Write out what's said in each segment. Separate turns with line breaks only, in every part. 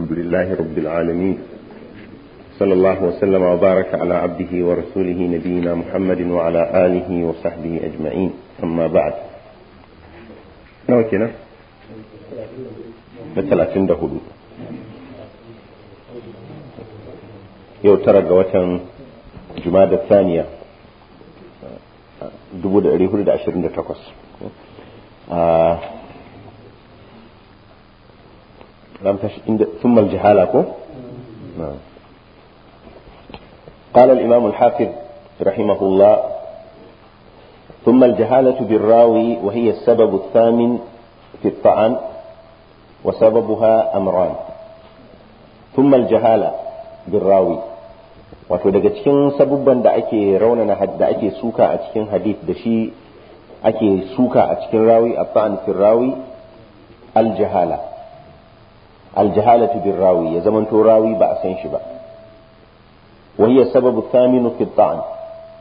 الحمد لله رب العالمين صلى الله وسلم وبارك على عبده ورسوله نبينا محمد وعلى آله وصحبه أجمعين أما بعد نوكنا بثلاثين دهدو يو ترى قوة جمادة الثانية دبو دا 128 ثم الجهالة نعم. قال الإمام الحافظ رحمه الله ثم الجهالة بالراوي وهي السبب الثامن في الطعن وسببها أمران ثم الجهالة بالراوي wato daga cikin sabubban da ake raunana da ake suka a cikin hadith da shi ake suka a cikin rawi a fa'an rawi aljahala aljahalatu bin rawi ya zamanto rawi ba a san shi ba wahiyar sababu thaminu fi ita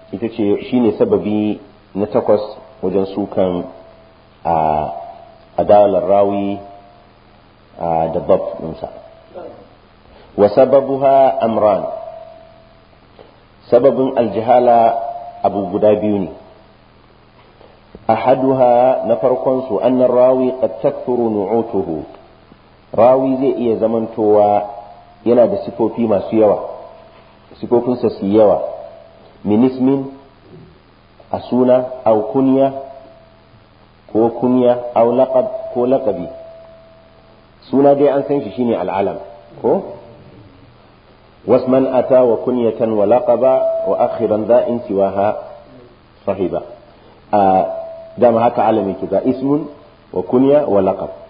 ce shine sababi na takwas wajen sukan a rawi da bab ɗinsa wa amran sababin aljihala abu guda biyu ne a ahaduha na farkon farkonsu annan rawi qad takthuru nu'utuhu rawi zai iya zamantowa yana da sifofi masu yawa sifofinsa su yawa min a suna au kunya ko kunya au laqab ko laqabi suna dai an san shi shine al'alam ko wasman ata wa kunyatan wa laqaba wa akhiran da'in siwaha sahiba a dama haka alami kiga ismun wa kunya wa laqab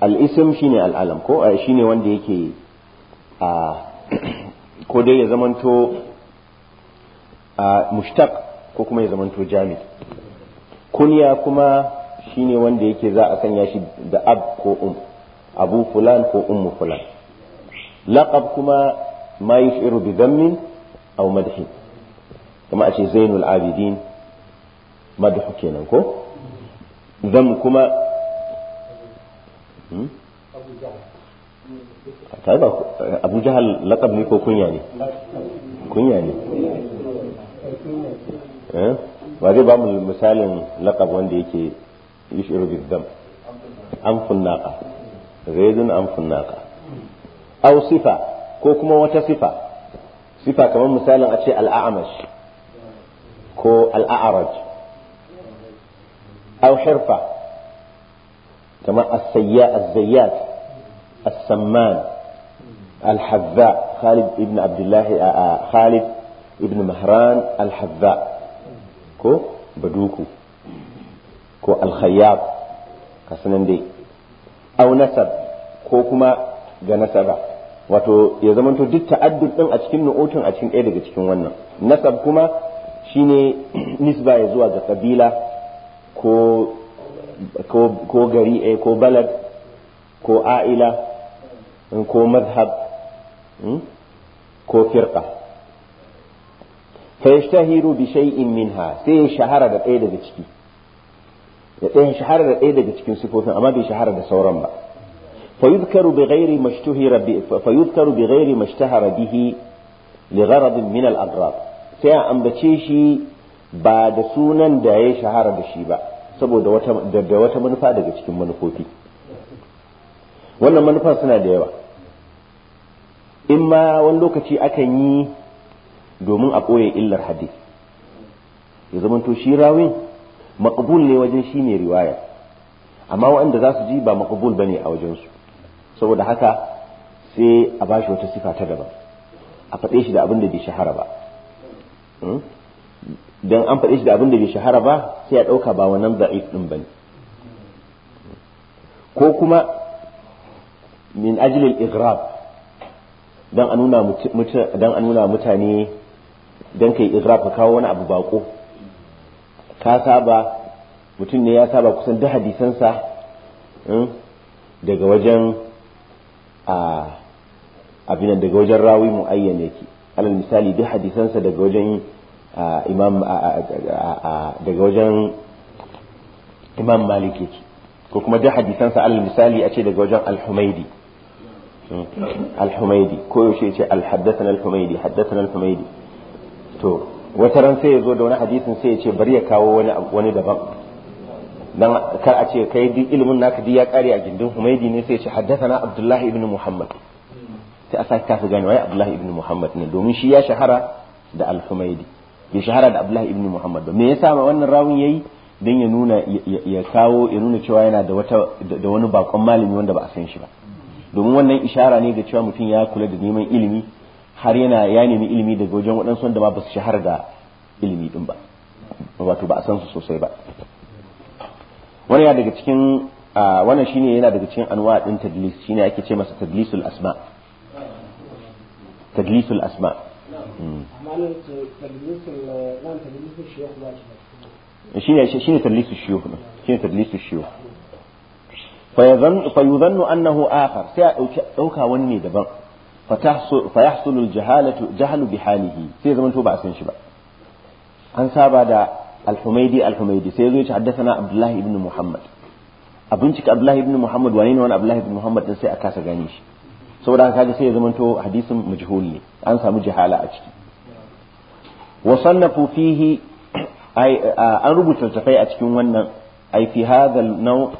al'isim shi ne al'alam ko eh, shi ne wanda yake a ko dai ya zamanto a mushtaq ko kuma ya zamanto jami kunya kuma shi ne wanda yake za a sanya shi da ab ko um abu fulan ko ummu fulan laqab kuma ma yushiru bi dhammin aw madhi kuma a ce zainul abidin madhu kenan ko dam kuma Hmm? tare da abu jahal laƙab ne ko kunya ne kunya ne eh? ba zai ba mu misalin laƙab wanda yake yushiru bizdam amfun naqa zaidun amfun naqa au sifa ko kuma wata sifa sifa kamar misalin a ce al'amash ko al'araj au hirfa كما السياء الزيات السمان الحذاء خالد ابن عبد الله خالد ابن مهران الحذاء كو بدوكو كو الخياط كسنن دي أو نسب كو كما جنسبه wato ya zamanto duk ta'addud din a cikin nu'utun a cikin ɗaya daga cikin wannan nasab kuma shine nisba ya zuwa ga kabila ko ko gari eh ko balad ko a'ila ko mazhab ko firqa fa yashtahiru bi shay'in minha sai shahara da ɗaya daga ciki da ɗaya shahara da ɗaya daga cikin sifofin amma bai shahara da sauran ba fa yuzkaru bi ghairi mashtuhira bi fa yuzkaru bi ghairi mashtahara bihi li gharad min al aghrab sai a ambace shi ba da sunan da ya shahara da shi ba saboda wata daga wata manufa daga cikin manufofi wannan manufa suna da yawa in ma wani lokaci akan yi domin a koye illar hadis ya zama to shi rawin maqbul ne wajen shi ne riwaya amma waɗanda za su ji ba maqbul bane a wajensu saboda haka sai a bashi wata sifa ta daban a faɗe shi da abin da bai shahara ba hmm? don an faɗi shi da abin da bai shahara ba sai ya ɗauka ba wannan da'if ɗin ba ne ko kuma min ajilil igrab don a nuna mutane don ka yi igrab ka kawo wani abu bako ka saba mutum ne ya saba kusan da hadisansa hmm, daga wajen a abinan daga wajen rawi ayyana yake alal misali duk hadisansa daga wajen imam daga wajen imam malik ko kuma jan hadisansa alal misali a ce daga wajen al-humaidi
hmm.
al-humaidi ko yaushe ce al-haddathana al-humaidi haddathana al-humaidi to wata ran sai ya zo da wani hadisin sai ya ce bari ya kawo wani wani daban dan kar a ce kai duk ilimin naka duk ya kare a gindin humaidi ne sai ya ce haddathana abdullahi ibn muhammad sai a sake kasa gane wai abdullahi ibn muhammad ne domin shi ya shahara da al-humaidi ya shahara da abdullahi ibn muhammad ba me yasa ma wannan rawun yayi dan ya nuna ya kawo ya nuna cewa yana da wata da wani bakon malami wanda ba a san shi ba domin wannan ishara ne ga cewa mutum ya kula da neman ilimi har yana ya nemi ilimi daga wajen waɗansu wanda ba su shahara da ilimi din ba wato ba a san su sosai ba wani ya daga cikin wannan shine yana daga cikin anwa din tadlis shine ake ce masa tadlisul asma tadlisul asma shine shine tadlisu shuyukh shine tadlisu shuyukh fa yuzannu annahu akhar sai a dauki dauka wani ne daban fa yahsulu al-jahalatu jahlu bi halihi sai zaman to ba a san shi ba an saba da al-humaydi al-humaydi sai yazo ya abdullahi ibn muhammad abincika abdullahi ibn wani abdullahi ibn muhammad din sai a kasa gane shi saboda haka kaga sai ya zaman to hadisin majhul ne an samu jihala a ciki wa sannafu fihi an rubuta tafai a cikin wannan ai fi hadha nau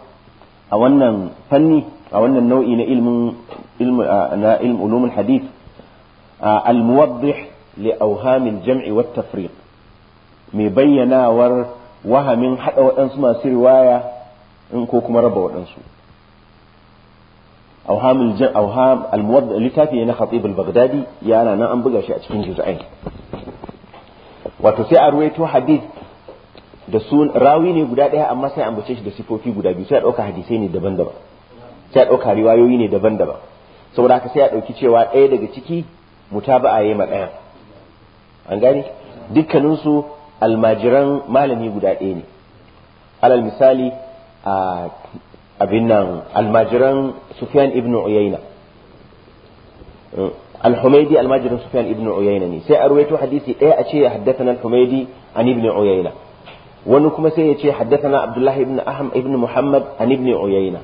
a wannan fanni a wannan nau'i na ilmin ilmu na ilm ulumul hadith al muwaddih li awhamin jam'i wat tafriq mai bayyanawar wahamin hada waɗansu masu riwaya in ko kuma raba waɗansu awham aljan awham almuwadda littafi na khatib al-baghdadi yana nan an buga shi a cikin juz'ain wato sai a ruwaito hadith da sun rawi ne guda daya amma sai an bace shi da sifofi guda biyu sai a dauka hadisai ne daban-daban sai a dauka riwayoyi ne daban-daban saboda haka sai a dauki cewa daya daga ciki mutaba'a yayi ma daya an gane dukkanin su almajiran malami guda ɗaya ne alal misali abin nan almajiran sufyan ibn uyayna uh, al almajiran sufyan ibn uyayna ne sai a ruwaito hadisi ɗaya a ce haddathana wani kuma sai ya ce haddathana abdullahi ibn aham ibn muhammad an ibn uyayna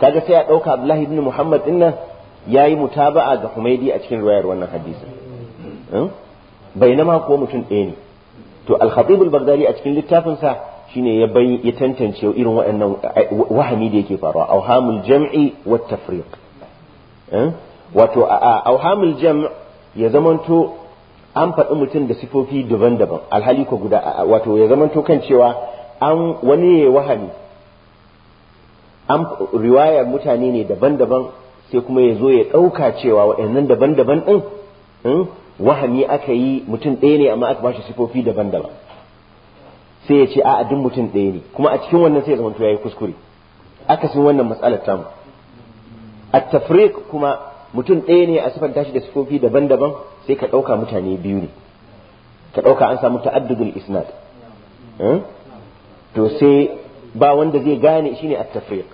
kaga sai a ɗauka abdullahi ibn muhammad din nan yayi mutaba'a ga humaydi a cikin riwayar wannan uh, bainama ko mutum ɗaya ne to al-khatib a cikin littafinsa shine ya bai ya tantance irin waɗannan eh, wahami da yake faruwa auhamul jam'i wat tafriq eh? wato auhamul jam' ya zamanto an faɗi mutum da sifofi daban-daban alhali ko guda wato ya zamanto kan cewa an wani ne wahami an riwayar mutane ne daban-daban sai kuma ya zo ya ɗauka cewa waɗannan daban-daban ɗin hmm, wahami aka yi mutum ɗaya ne amma aka ba shi sifofi daban-daban sai ya ce a'a duk mutum ɗaya ne kuma a cikin wannan sai ya zamanto yayi kuskure akasin wannan matsalar tamu at-tafriq kuma mutum ɗaya ne a sifanta shi da sifofi daban-daban sai ka ɗauka mutane biyu ne ka ɗauka an samu ta'addudul isnad eh? to sai ba wanda zai gane shine a tafriq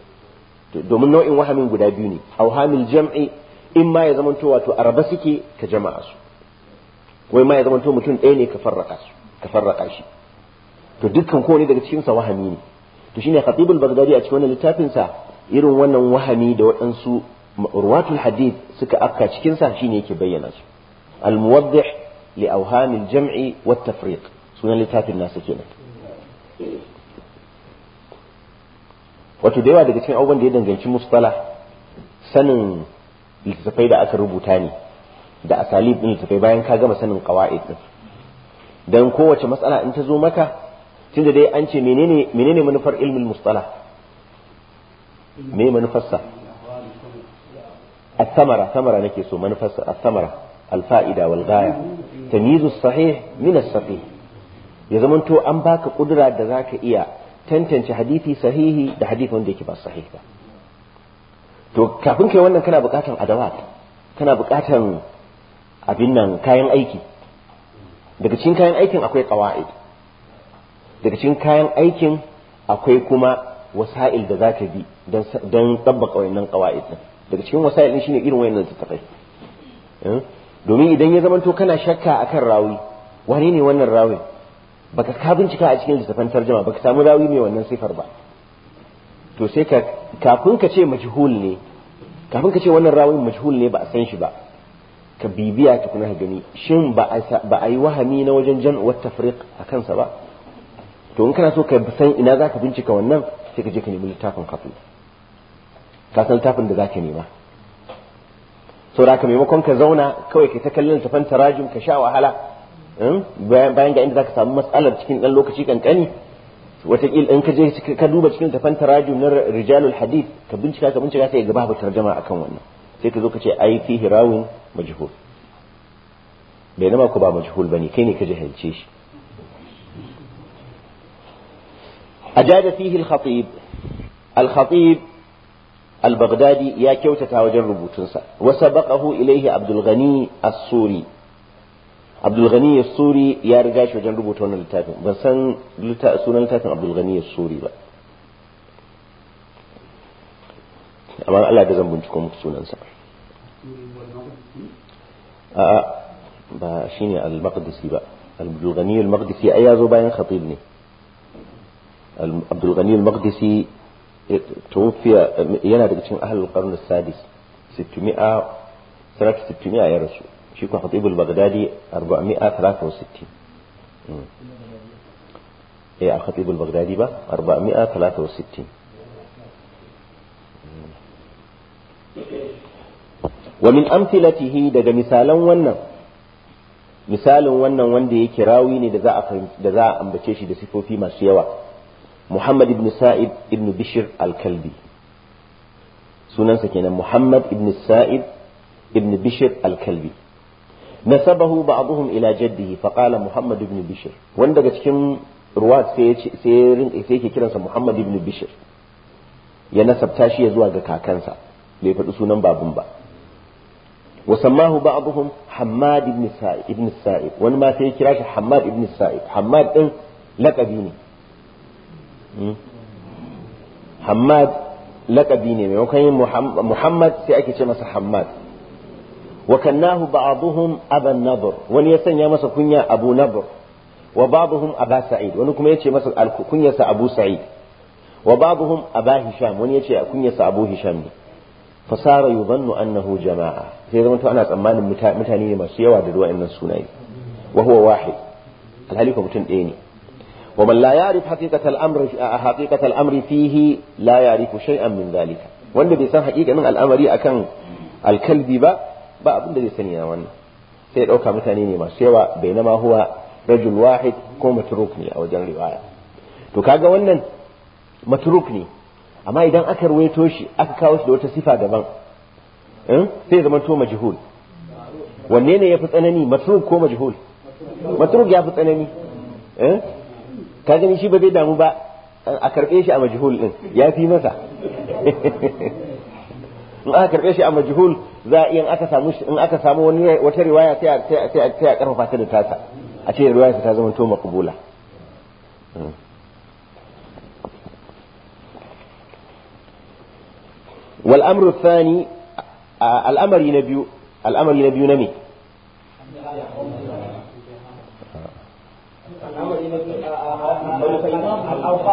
domin nau'in wahamin guda biyu ne auhamil jam'i in ma ya to wato araba suke ka jama'a su wai ma ya zamanto mutum ɗaya ne ka farraka ka farraka shi to dukkan kowane daga cikinsa wahami ne to shine khatibul baghdadi a cikin wannan littafinsa irin wannan wahami da waɗansu ruwatul hadith suka afka cikinsa shine yake bayyana su al muwaddih li awhamil jam'i wat tafriq sunan littafin nasa kenan wato da yawa daga cikin abubuwan da ya danganci mustalah sanin littattafai da aka rubuta ne da asalib din littattafai bayan ka gama sanin qawaid din dan kowace matsala in ta zo maka tunda dai an ce menene menene manufar ilmin mustalah me manufarsa الثمرة ثمرة نكيسو من فسر الثمرة الفائدة والغاية تمييز الصحيح من السفيه يزمن تو أن باك قدرة ذاك إيا تنتن حديثي صحيحي ده حديث وندي كبا صحيح تو كابن كي وانا كنا بقاتا أدوات كنا بقاتا أبنا كاين أيكي daga cikin kayan aikin akwai qawaid daga cikin kayan aikin akwai kuma wasa'il da za ka bi don tabba ƙawai qawaid din daga cikin wasa'il din shine irin wayannan tattafai hmm? domin idan ya zamanto kana shakka akan rawi wani ne wannan rawin baka ka bincika a cikin littafin tarjuma baka samu rawi mai wannan sifar ba to sai ka kafin ka ce majhul ne kafin ka ce wannan rawin majhul ne ba a san shi ba ka bibiya tukuna gani shin ba a yi wahami na wajen jan'uwar tafriq a kansa ba to in kana so ka san ina za ka bincika wannan sai ka je ka nemi littafin kafin ka san littafin da za ka nema da ka maimakon ka zauna kawai ka ta kallon tafan tarajum ka sha wahala hmm, bayan ga inda za ka samu matsalar cikin ɗan lokaci kankani Watakila in ka je ka duba cikin tafan tarajum na rijalul hadith ka bincika ka bincika sai ga babu tarjama akan wannan sai ka zo ka ce ai fihi rawin majhul bai nama ku ba majhul bane kai ne ka jahilce shi أجاد فيه الخطيب الخطيب البغدادي يا كوتة وجرب تنسى وسبقه إليه عبد الغني السوري عبد الغني السوري يا رجاش وجرب تونا لتاتن بسن سونا لتاتن عبد الغني السوري بقى amma Allah جزم بنتكم binciko muku آه a'a ba shine al-maqdisi ba al-bughani al-maqdisi عبد الغني المقدسي توفي yana daga cikin ahlul qarn 600 sanata 600 ya rasu shi ko khatib 463 eh a khatib al ba 463 hmm. wa min amthilatihi daga misalan wannan misalin wannan wanda yake rawi ne da za a ambace shi da sifofi masu yawa Muhammad ibn Sa'id ibn Bishir al-Kalbi sunansa kenan Muhammad ibn Sa'id ibn Bishir al-Kalbi nasabahu ba'dhum ila jaddihi fa qala Muhammad ibn Bishir wanda daga cikin ruwat sai sai sai yake kiransa Muhammad ibn Bishir ya nasabta shi ya zuwa ga kakansa bai faɗi sunan babun ba وسماه بعضهم حماد بن سائب ابن السائب وانا ما Hamad كراش حماد ابن السائب حماد ان لقبيني Hmm? hamad lakabi ne mai yin muhammad sai ake ce masa hamad wa kannahu ba'dhum aban nabur wani ya sanya masa kunya abu Nabur wa ba'dhum aba sa'id wani kuma ce masa kunyarsa abu sa'id wa ba'dhum aba hisham wani ce kunyarsa abu hisham ne fasara yuzannu annahu jama'a sai zama to ana tsammanin mutane ne masu yawa da wa'annan sunaye wa huwa wahid alhali mutum ɗaya ne ومن لا يعرف حقيقة الأمر حقيقة الأمر فيه لا يعرف شيئا من ذلك وأن بي سان حقيقة من الأمر أكن الكلب با با أبن دي سنيا وأن سيد أوكا متانيني ما سوى بينما هو رجل واحد كو متروكني أو جن رواية تو كاغا وأن متروكني أما إذا أكر ويتوشي أكاوش دوتا صفة دبان sai zama to majhul wanne ne ya fi tsanani matruk ko majhul matruk ya fi tsanani ka gani shi ba zai damu ba a karɓe shi a majhul din ya fi masa in aka karɓe shi a majhul za a iya in aka samu wani wata riwaya sai a ƙarfafa ta da tasa a ce riwaya ta zama to maqbula wal amru thani al'amari na biyu al'amari na biyu na me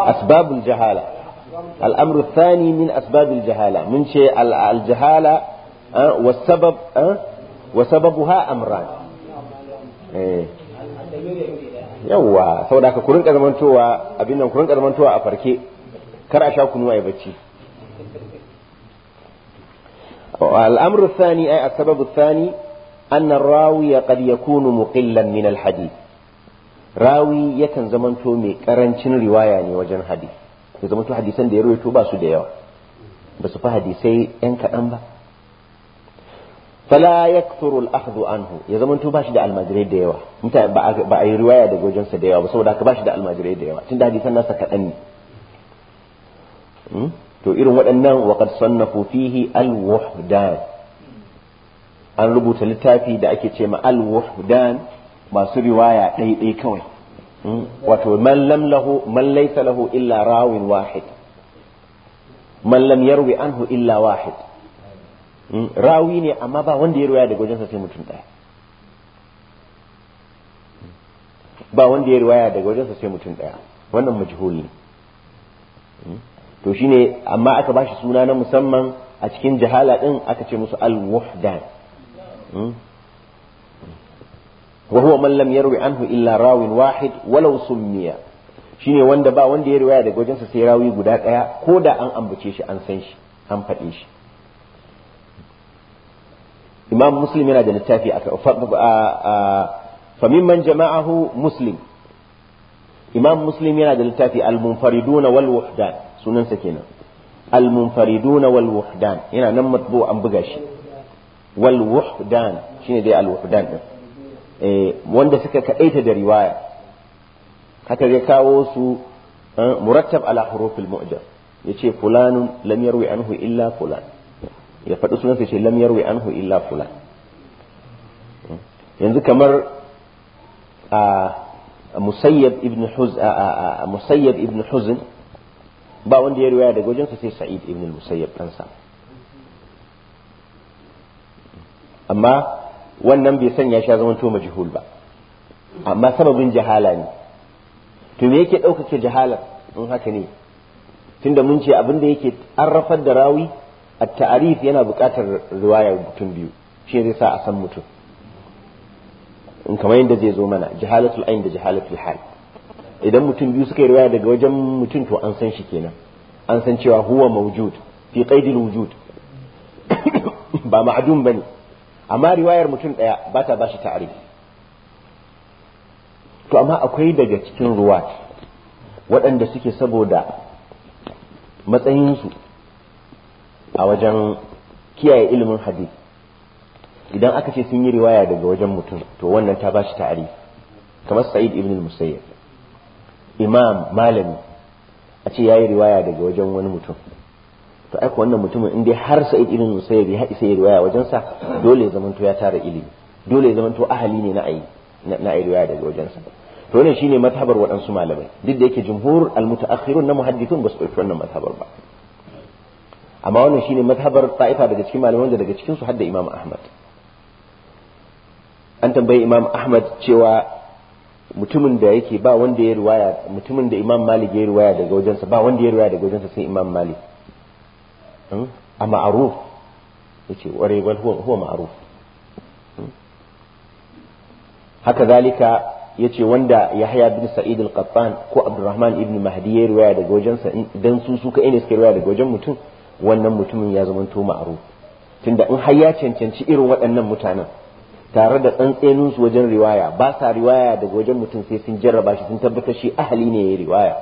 أسباب الجهالة
الأمر الثاني من أسباب الجهالة من شيء الجهالة أه، والسبب أه، وسببها أمران إيه. يوا سو داك كورن كزمانتوا أبينا كورن كزمانتوا أفركي كرا شاو كنوا يبتشي الأمر الثاني أي السبب الثاني أن الراوي قد يكون مقلا من الحديث rawi yakan zamanto mai karancin riwaya ne wajen hadi ya zamanto hadisan da ya rawaito ba su da yawa ba su fi hadisai yan kaɗan ba fala yakthuru al-akhdhu anhu ya zamanto ba shi da almajirai da yawa mutane ba a yi riwaya daga wajen sa da yawa ba saboda haka ba shi da almajirai da yawa tun da hadisan nasa kaɗan ne hmm? to irin waɗannan waqad sannafu fihi al-wuhdan an rubuta littafi da ake ce ma al masu riwaya ɗaiɗai kawai hmm? wato man lam lahu man lahu illa rawin wahid man lam yarwi anhu illa wahid hmm? rawi ne amma ba wanda ya riwaya daga wajensa sai mutum ɗaya hmm? ba wanda ya riwaya daga wajensa sai mutum ɗaya wannan majhul ne to shine amma aka bashi suna na musamman a cikin jahala din aka ce musu al wahdan wa mallam yarwi anhu illa rawin wahid walau summiya shine wanda ba wanda ya riwaya daga wajensa sai rawi guda daya ko da an ambace shi an san shi an faɗe shi imam muslim yana da littafi a fa mimman jama'ahu muslim imam muslim yana da littafi al-munfariduna wal wuhdan sunansa kenan al-munfariduna yana nan matbu buga shi wal wuhdan shine dai al Eh, wanda suka kadaita da riwaya haka zai kawo su eh, murattab ala hurufil mu'jam yace fulanun lam yarwi anhu illa fulan ya faɗi sunan sai ce lam yarwi anhu illa fulan eh, yanzu kamar a musayyab ibn huzn a musayyab ibn huzn ba wanda ya riwaya daga wajensa sai sa'id ibn musayyab kansa amma wannan bai sanya shi ya zama to majhul ba amma sababin jahala ne to me yake ɗaukake jahala in haka ne tunda mun ce abin da yake arrafar da rawi a ta'arif yana buƙatar riwaya mutum biyu shi zai sa a san mutum in kamar yadda zai zo mana jahalatul ain da jahalatul hal idan mutum biyu suka yi riwaya daga wajen mutum to an san shi kenan an san cewa huwa mawjud fi qaidil wujud ba ma'dum bane amma riwayar mutum ɗaya ba ta ba shi ta'arifi to amma akwai daga cikin ruwa waɗanda suke saboda matsayinsu a wajen kiyaye ilimin hadith idan aka ce sun yi riwaya daga wajen mutum to wannan ta ba shi ta'arifi kamar sa'id ibn musayyib imam malami a ce ya yi riwaya daga wajen wani mutum to aiko wannan mutumin in dai har sa'id ibn musayyib ya isa ya riwaya wajen sa dole ya zamanto ya tara ilimi dole ya zamanto ahali ne na ayi na ayi riwaya daga wajen sa to wannan shine matabar waɗansu malamai duk da yake jumhur almutaakhirun na muhaddithun ba su ɗauki wannan matabar ba amma wannan shine matabar ta'ifa daga cikin malamai wanda daga cikin su hadda imam ahmad an tambayi imam ahmad cewa mutumin da yake ba wanda ya riwaya mutumin da imam malik ya riwaya daga wajensa ba wanda ya riwaya daga wajensa sai imam malik Hmm? a ma'aruf yace ware huwa ma'aruf hmm? haka zalika yace wanda yahaya bin Sa'id al-Qattan ko Abdurrahman ibn Mahdi ya riwaya daga wajensa dan su suka ne suke riwaya daga wajen mutum wannan mutumin ya zama to ma'aruf tunda in har ya cancanci irin waɗannan mutanen tare da tsantsenin su wajen riwaya ba sa riwaya daga wajen mutum sai sun jarraba shi sun tabbatar shi ahli ne ya riwaya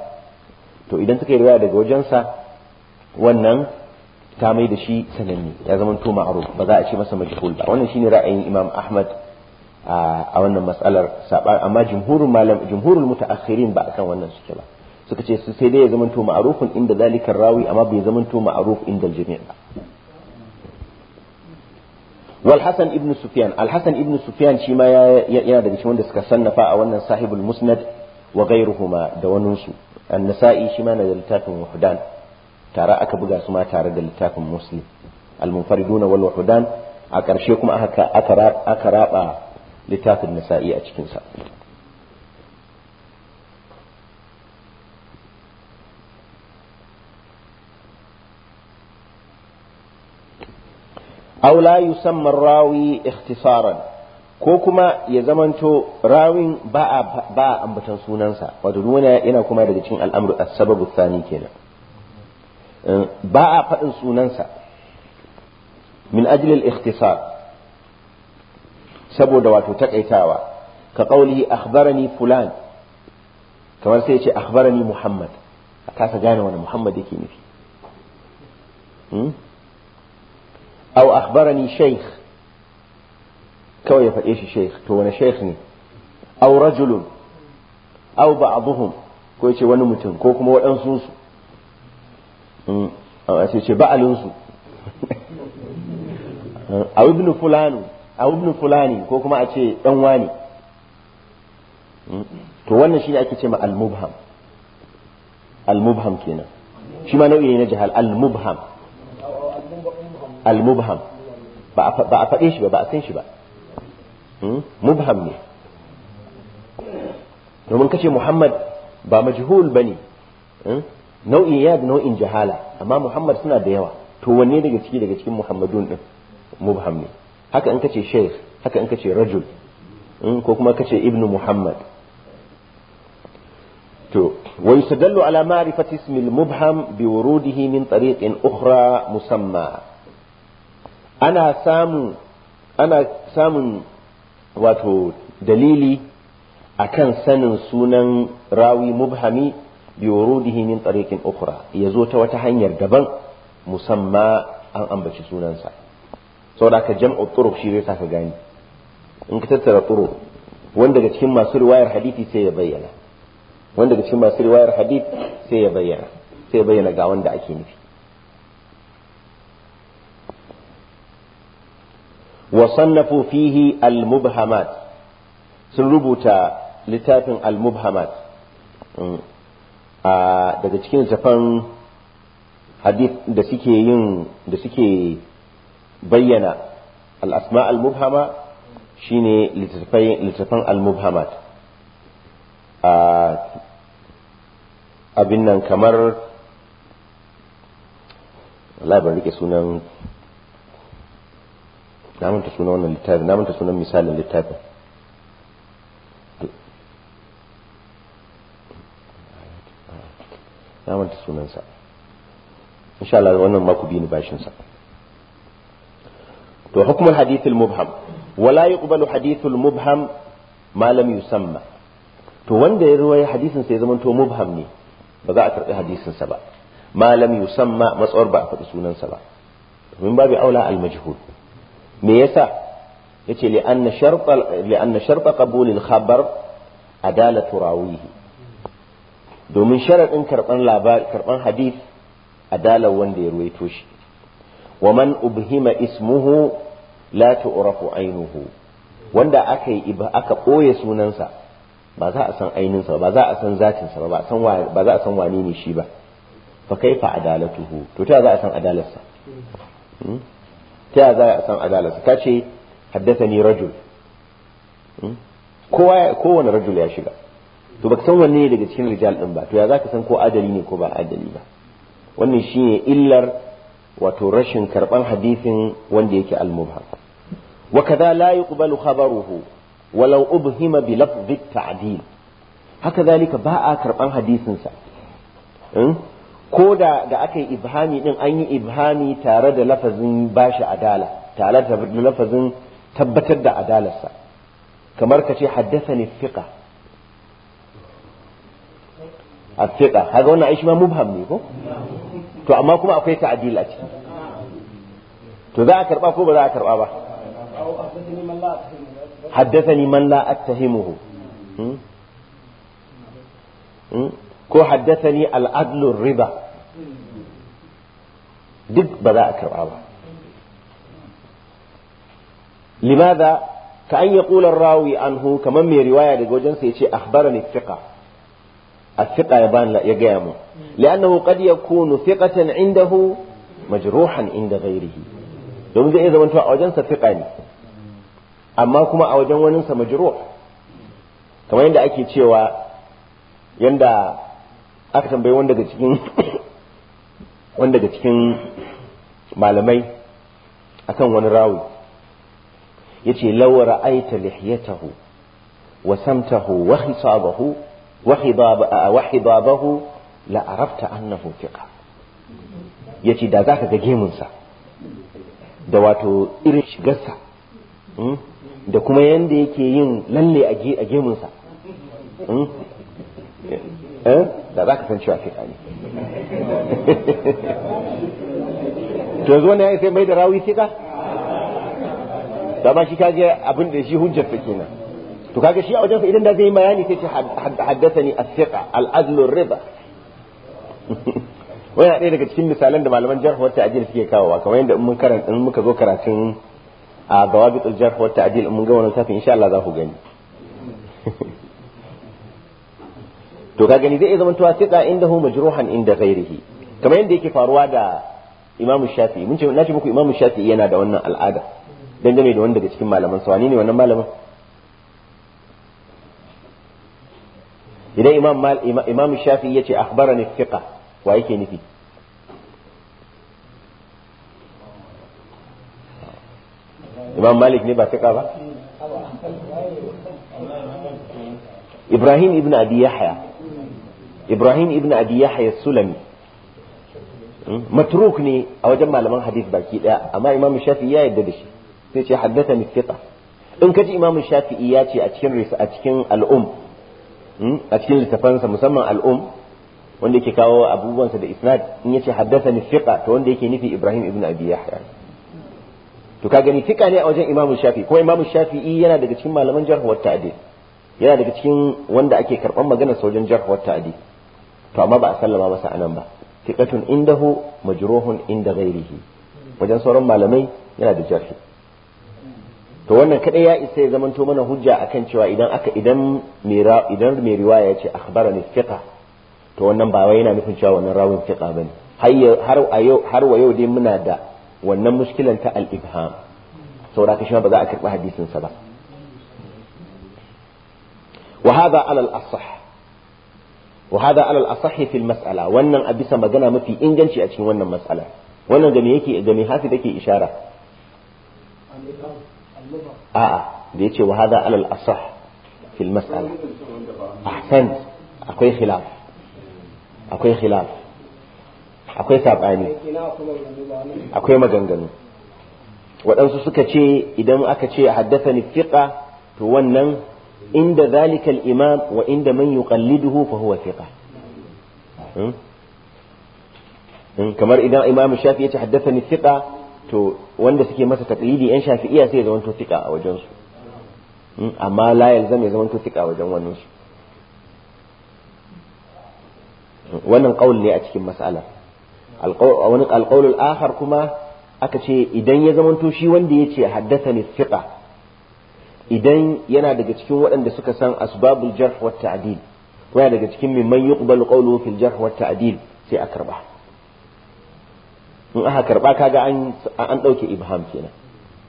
to idan suka yi riwaya daga wajensa wannan ta mai da shi sananni ya zama to ma'ruf ba za a ci masa majhul ba wannan shine ra'ayin Imam Ahmad a wannan mas'alar saban amma jumhurul malam jumhurul mutaakhirin ba akan wannan suke ba suka ce sai dai ya zama to ma'rufun inda zalikan rawi amma bai zama to ma'ruf inda jami' ba wal hasan ibn sufyan al hasan ibn sufyan shi ma daga cikin wanda suka sannafa a wannan sahibul musnad wa ghayruhuma da waninsu an-nasa'i shi ma na da littafin wahdan tare aka buga su ma tare da littafin muslim al-munfariduna wal wahdan a ƙarshe kuma aka aka aka raba littafin nisa'i a cikin sa aw la yusamma rawi ikhtisaran ko kuma ya zamanto rawin ba a ambatan sunansa wato duk yana kuma daga cikin al'amru as-sababu tsani kenan باء فانسونسا من اجل الاختصار سبو دواتو تقيتاوا كقوله اخبرني فلان كما سيجي اخبرني محمد اتاسا جانا وانا محمد يكيني في او اخبرني شيخ كو يفعل ايش شيخ كو انا شيخني او رجل او بعضهم كو يجي وانا متن كو كمو انسوسو Hmm. a ce ce ba'alinsu a ibn fulani a ibn fulani ko kuma a ce dan wani hmm. to wannan shine ake ce ma al-mubham al-mubham kenan shi ma nau'i na jahal al-mubham al-mubham ba a faɗe shi ba ba a san shi ba hmm. mubham ne domin kace muhammad ba majhul bane nau'in ya da nau'in jahala amma muhammad suna da yawa to wanne daga ciki daga cikin muhammadun din mubham ne haka in kace sheikh haka in kace rajul hmm, ko kuma kace ibnu muhammad to wa yustadallu ala ma'rifati ismi al-mubham bi wurudihi min tariqin ukhra musamma ana samu ana samun wato dalili akan sanin sunan rawi mubhami biwurudihi min tariqin ukhra ya zo ta wata hanyar daban musamma an ambaci sunansa saboda ka jam'u turuq shi zai saka gani in ka tattara turuq wanda daga cikin masu riwayar hadisi sai ya bayyana wanda daga cikin masu riwayar hadisi sai ya bayyana sai bayyana ga wanda ake nufi wa sannafu fihi al sun rubuta littafin al daga cikin tafan hadith da suke yin da suke bayyana al'asma asma al-mubhama shine littattafan al-mubhamat abin nan kamar ban rike sunan namanta sunan wannan littafin namanta sunan misalin littafin na manta sunansa insha Allah wannan ma ku bi ni bashin sa to hukumar hadithul mubham wala yuqbalu hadithul mubham ma lam yusamma to wanda ya ruwaya hadisin sa ya zama to mubham ne ba za a karbi hadisin sa ba ma lam yusamma matsawar ba a faɗi sunansa ba min babu aula al majhul me yasa yace li anna sharta li anna sharta qabul al khabar adalatu rawihi domin sharaɗin karɓar labari karɓan hadis adalar wanda ya ruwaito shi wa man ubhima ismuhu la tu'rafu ainuhu wanda aka yi aka ɓoye sunansa ba za a san sa ba za a san sa ba ba za a san wane ne shi ba fa kaifa adalatuhu to ta za a san adalarsa hmm? ta za a san adalarsa kace ce haddathani rajul hmm? kowa kowane rajul ya shiga to baka san wanne daga cikin rijal din ba to ya zaka san ko adali ne ko ba adali ba wannan shine illar wato rashin karban hadisin wanda yake al-mubham wa kadha la yuqbalu khabaruhu walau ubhima bi lafzi ta'dil haka zalika ba a karban hadisin sa hmm? ko da da aka yi ibhami din an yi ibhami tare da lafazin bashi adala tare da lafazin tabbatar da adalarsa kamar ka ce haddasa ni fiqa as-siqa kaga wannan ai ma mubham ne ko to amma kuma akwai ta'dil a ciki to za a karba ko ba za a karba ba haddathani man la attahimuhu hmm? Hmm? ko haddathani al-adlu riba duk ba za a karba ba لماذا كأن يقول الراوي عنه كمن من رواية لجوجنس يتي أخبرني الثقة الثقة يبان لا ya لأنه قد يكون ثقة عنده مجروحا عند غيره domin zai iya zamantowa a wajensa fiƙa ni amma kuma a wajen waninsa majruh kamar yadda ake cewa yadda aka tambayi wanda daga cikin wanda daga cikin malamai akan wani rawi yace law ra'aita lihiyatahu wa samtahu wa hisabahu wahidabahu la arafta annahu thiqa yace da zaka ga gemunsa da wato irin shigarsa da kuma yanda yake yin lalle a gemunsa da za ka san cewa fiƙa ne to yanzu wani ya yi sai mai da rawi fiƙa da ba shi kaje abinda shi hujjar ta to kaga shi a wajensa idan da zai yi bayani sai ce haddathani as-siqa al-adl ar-riba wannan ɗaya daga cikin misalan da malaman jarh wa ta'dil suke kawowa kamar yadda mun karanta in muka zo karatun a dawabit al-jarh wa ta'dil mun ga wannan safin insha Allah za ku gani to ka gani zai zama tuwa siqa indahu majruhan inda ghairihi kamar yadda yake faruwa da imamu Shafi mun ce na ce muku imamu Shafi yana da wannan al'ada dangane da wanda daga cikin malaman sawani ne wannan malamin idan imam mal imam shafi yace akhbarani fiqa wa yake nufi
imam malik ne ba fiqa ba
ibrahim ibn abi yahya ibrahim ibn abi yahya sulami hmm? matruk ne a wajen malaman hadith baki daya amma imam shafi ya yadda da shi sai ce haddathani fiqa in kaji imam shafi ya ce a cikin a cikin al'um Hmm? a cikin littafansa musamman al'um wanda yake kawo abubuwansa da isnad in ya ce haddasa ni fiƙa ta wanda yake nufi Ibrahim ibn Abi Yahya to ka gani fiƙa ne a wajen Imam ko Imam Shafi'i yana daga cikin malaman jarhuwar wa ta'dil yana daga cikin wanda ake karban magana sa wajen jarh ta'adi ta'dil to amma ba a sallama masa anan ba fiƙatun indahu majruhun inda ghairihi wajen sauran malamai yana da jarhi to wannan kadai ya isa ya zamanto mana hujja akan cewa idan aka idan idan mai riwaya ya ce akhbarani thiqa to wannan ba wai yana nufin cewa wannan rawin thiqa bane har a yau har wa yau dai muna da wannan mushkilan ta al-ibham saboda haka ba za a karba hadisin sa ba wa hada ala al-asah wa hada ala al-asah fi al-mas'ala wannan abisa magana mafi inganci a cikin wannan mas'ala wannan game yake game hafi take isharar a'a da yace wa hada alal asah fil mas'ala ahsan akwai khilaf akwai khilaf akwai sabani akwai maganganu waɗansu suka ce idan aka ce haddathani fiqa to wannan inda zalikal al-imam wa inda man yuqalliduhu fa huwa fiqa
hmm? hmm?
kamar idan imam shafi ya ce haddathani fiqa to wanda suke masa taqlidi yan shafi'iyya sai ya zama to a wajen su hmm, amma la yalzam ya zama to a wajen wannan su wannan qaul ne a cikin mas'ala wani alqaulul akhar kuma aka ce idan ya zama to shi wanda ya ce haddathani fiqa idan yana daga cikin waɗanda suka san asbabul jarh wat ta'dil yana daga cikin mimman yuqbalu qawluhu fil jarh wat ta'dil sai a karba in aka karba kaga an an dauke ibham kenan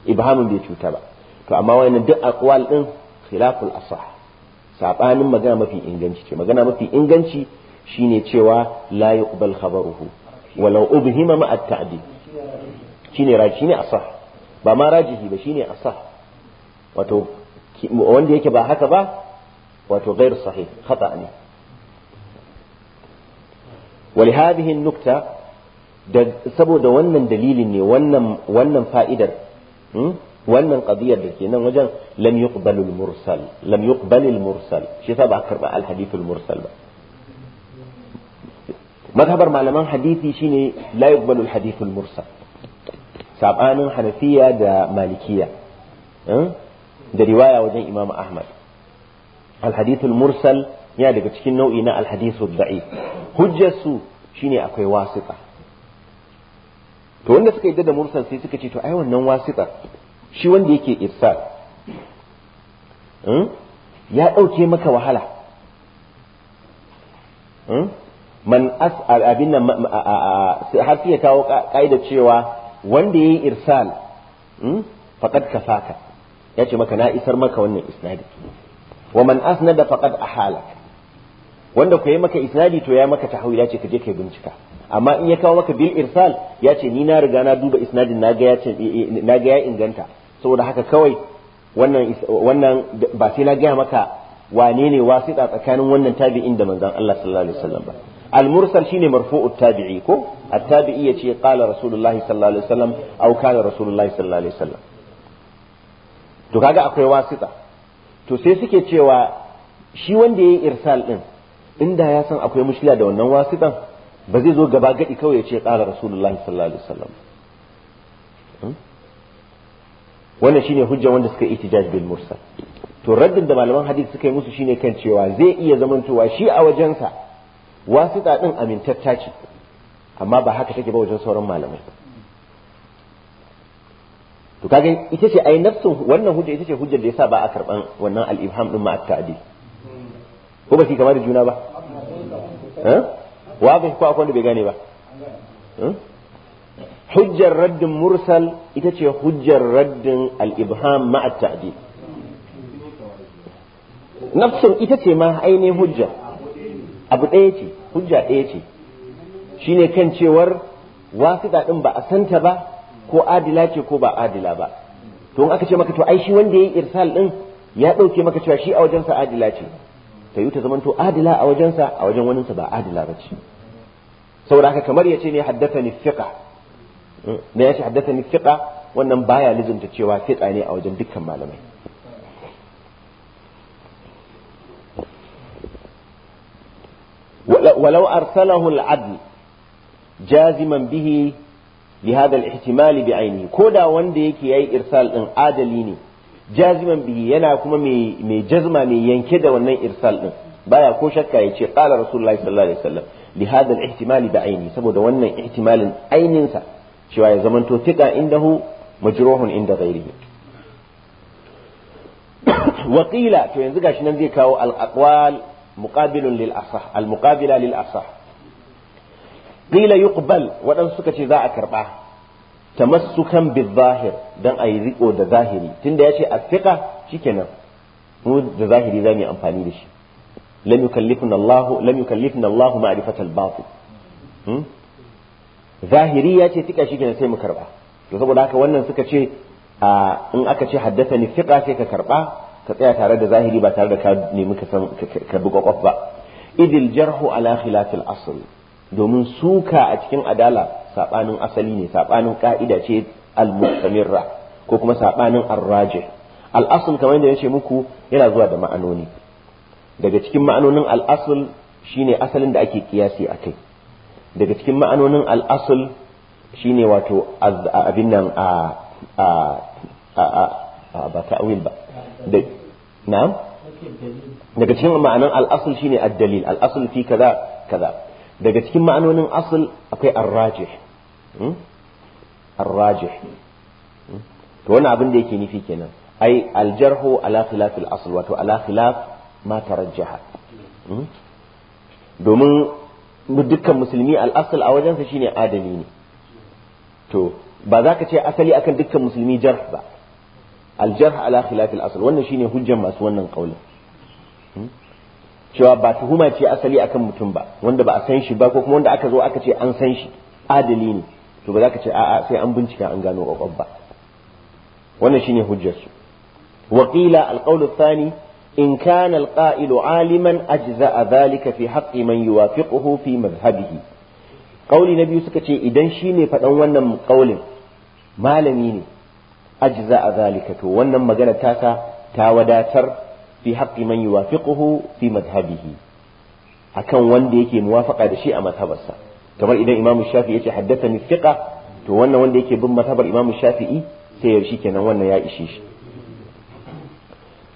ibhamin bai cuta ba to amma wannan duk aqwal din khilaful asah sabanin magana mafi inganci ce magana mafi inganci shine cewa la yuqbal khabaruhu walau ubhima ma at-ta'dil shine raji shine asah ba ma rajihi ba shine asah wato wanda yake ba haka ba wato ghair sahih khata ne ولهذه النكته saboda wannan dalilin ne wannan fa'idar hmm? wannan qadiyar da ke nan wajen lam yuqbalul mursal lam mursal shi yasa ba a karba al mursal ba mazhabar malaman hadisi shine la yuqbalul hadithul mursal sabanin hanafiya da malikiya hmm? da riwaya wajen imam ahmad al hadithul mursal ya daga cikin nau'i na al hadithul da'if shine akwai wasiqa to wanda suka yadda da mursal sai suka ce to ai wannan wasita shi wanda yake irsal hmm, ya ɗauke maka wahala hmm, man as abin nan har sai ya kawo ka'ida cewa wanda yayi irsal hmm, faqad kafaka ya ce maka na isar maka wannan isnadi wa man asnada faqad ahalaka wanda ku yi maka isnadi to ya maka tahawil ce ka je ka bincika amma in ya kawo maka bil irsal ya ce ni na riga na duba isnadin na ya eh, eh, ya inganta saboda haka kawai wannan wannan ba sai na gaya maka wane ne wasita tsakanin wannan tabi'in da manzon Allah sallallahu alaihi wasallam ba al mursal shine marfu'u tabi'i ko at tabi'i yace qala rasulullahi sallallahu alaihi wasallam aw kana rasulullahi sallallahu alaihi wasallam to kaga akwai wasita to sai suke cewa shi wanda yi irsal din inda ya san akwai mushkila da wannan wasiɗan, ba zai zo gaba gadi kawai ya ce ƙara rasulullahi sallallahu alaihi wasallam hmm? wannan shine hujja wanda suka ihtijaj bil mursal to raddin da malaman hadith suka yi musu shine kan cewa zai iya zamantowa shi a wajensa wasita din amintatta ce amma ba haka take ba wajen sauran malamai to kaga ita ce ai nafsin wannan hujja ita ce hujjar da yasa ba a karban wannan al-ibham din ko ba su kamar juna ba wa ko akwai da bai gane ba hujjar raddin mursal ita ce hujjar raddin al-ibham ma'a ta'dil nafsin ita ce ma ainihin hujja abu ɗaya ce hujja ɗaya ce shine kan cewar wasiƙa ɗin ba a santa ba ko adila ce ko ba adila ba to in aka ce maka to ai shi wanda ya yi irsal ɗin ya ɗauke maka cewa shi a wajensa adila ce ta yi ta zamanto adila a wajensa a wajen wani ba adila ba ce saboda haka kamar ya ce ne haddasa ni fiqa da ya ce haddasa ni fiqa wannan baya lizinta cewa fiqa ne a wajen dukkan malamai ولو أرسله العدل جازما به لهذا الاحتمال بعينه كودا وندي كي أي إرسال إن عادليني jaziman bihi yana kuma mai jazma mai yanke da wannan irsal din baya ko shakka ya ce qala rasulullahi sallallahu alaihi wasallam li hadha al-ihtimali da aini saboda wannan ihtimalin ainin sa cewa ya zamanto tika indahu majruhun inda ghairihi wa qila to yanzu gashi nan zai kawo al-aqwal muqabilun lil asah al-muqabila lil asah qila yuqbal wadan suka ce za a karba tamassukan bil zahir don a yi riko da zahiri tunda yace afiqa shikenan mu da zahiri za zamu amfani da shi lam yukallifna Allah lam yukallifna Allah ma'rifatal batil hmm? zahiri yace tika shikenan sai mu karba to saboda haka wannan suka ce in aka ce haddathani fiqa sai ka karba ka tsaya tare da zahiri ba tare da ka nemi ka san ka bi kwakwaf ba idil jarhu ala khilafil asl domin suka a cikin adala sabanin asali ne sabanin ka'ida ce al-mustamirra ko kuma sabanin ar-rajih al-asl kamar yadda yace muku yana zuwa da ma'anoni daga cikin ma'anonin al-asl shine asalin da ake kiyasi akai daga cikin ma'anonin al-asl shine wato abin nan a a a ba ta'wil ba na'am daga cikin ma'anan al-asl shine ad-dalil al-asl fi kaza kaza daga cikin ma'anonin asl akwai ar-rajih Hmm? arrajih hmm? to wani abin da yake nufi kenan ai aljarhu ala khilaf al-asl wato ala khilaf ma tarajjaha hmm? domin dukkan musulmi al-asl a sa shine adali ne to ba za ka ce asali akan dukkan musulmi jarh ba aljarh ala khilaf al-asl wannan shine hujjan masu wannan kaulin cewa ba tuhuma ce asali akan mutum ba wanda ba a san shi ba ko kuma wanda aka zo aka ce an san shi adali ne to ba za ka ce a'a sai an bincika an gano ƙwaƙwab ba wannan shi ne hujjarsu wakila alƙaunar sani in kana alƙa'ilu aliman ajza a zalika fi haƙƙi man yi wa fi mazhabihi ƙauli na biyu suka ce idan shi ne faɗan wannan ƙaulin malami ne ajza a zalika to wannan magana ta ta wadatar fi haƙƙi man yi wa fi fi mazhabihi akan wanda yake muwafaƙa da shi a mazhabarsa. kamar idan imam ce haddasa ni fiƙa to wannan wanda yake bin mazhabar imam shafi'i sai yarshi kenan wannan ya ishe shi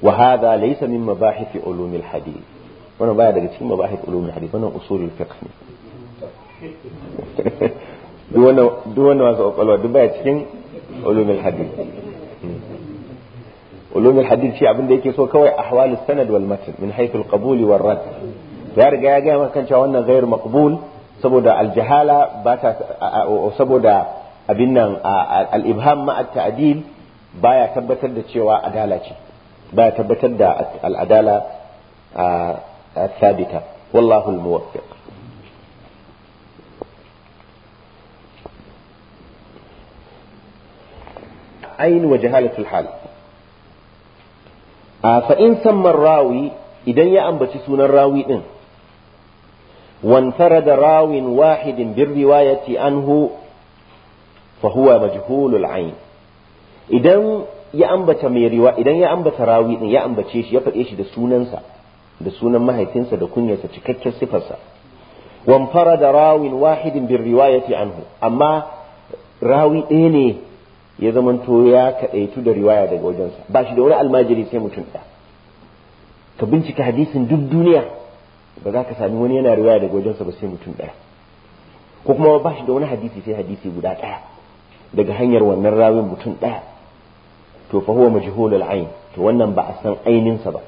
wa hadha laysa min mabahith ulum al hadith wannan baya daga cikin mabahith ulum al hadith wannan usulul fiqh ne duk wannan duk wannan wasu kwakwalwa duk baya cikin ulum al hadith ulum al hadith shi abinda yake so kawai ahwal sanad wal matn min haythu al qabul wal rad ya riga ya ga maka cewa wannan ghair maqbul saboda aljihala ba ta saboda abin nan al-ibham ma at ba ya tabbatar da cewa adala ce ba ya tabbatar da al-adala thabita wallahu al-muwaffiq ain wa jahalatul hal fa in samma rawi idan ya ambaci sunan rawi din وانفرد راو واحد بالرواية عنه فهو مجهول العين إذن ya ambata mai idan ya ambata rawi din ya ambace shi ya faɗe shi da sunansa da sunan mahaifinsa da kunyarsa cikakken sifarsa wan da rawin wahidin bin riwayati anhu amma rawi ɗaya ne ya zamanto ya kaɗaitu da riwaya daga wajensa ba shi da wani almajiri sai mutum ɗaya ka bincika hadisin duk duniya ba za ka sami wani yana riwaya daga wajensa ba sai mutum ɗaya ko kuma ba shi da wani hadisi sai hadisi guda ɗaya daga hanyar wannan rawin mutum ɗaya to fa huwa majhulul ayn to wannan ba a san ainin sa ba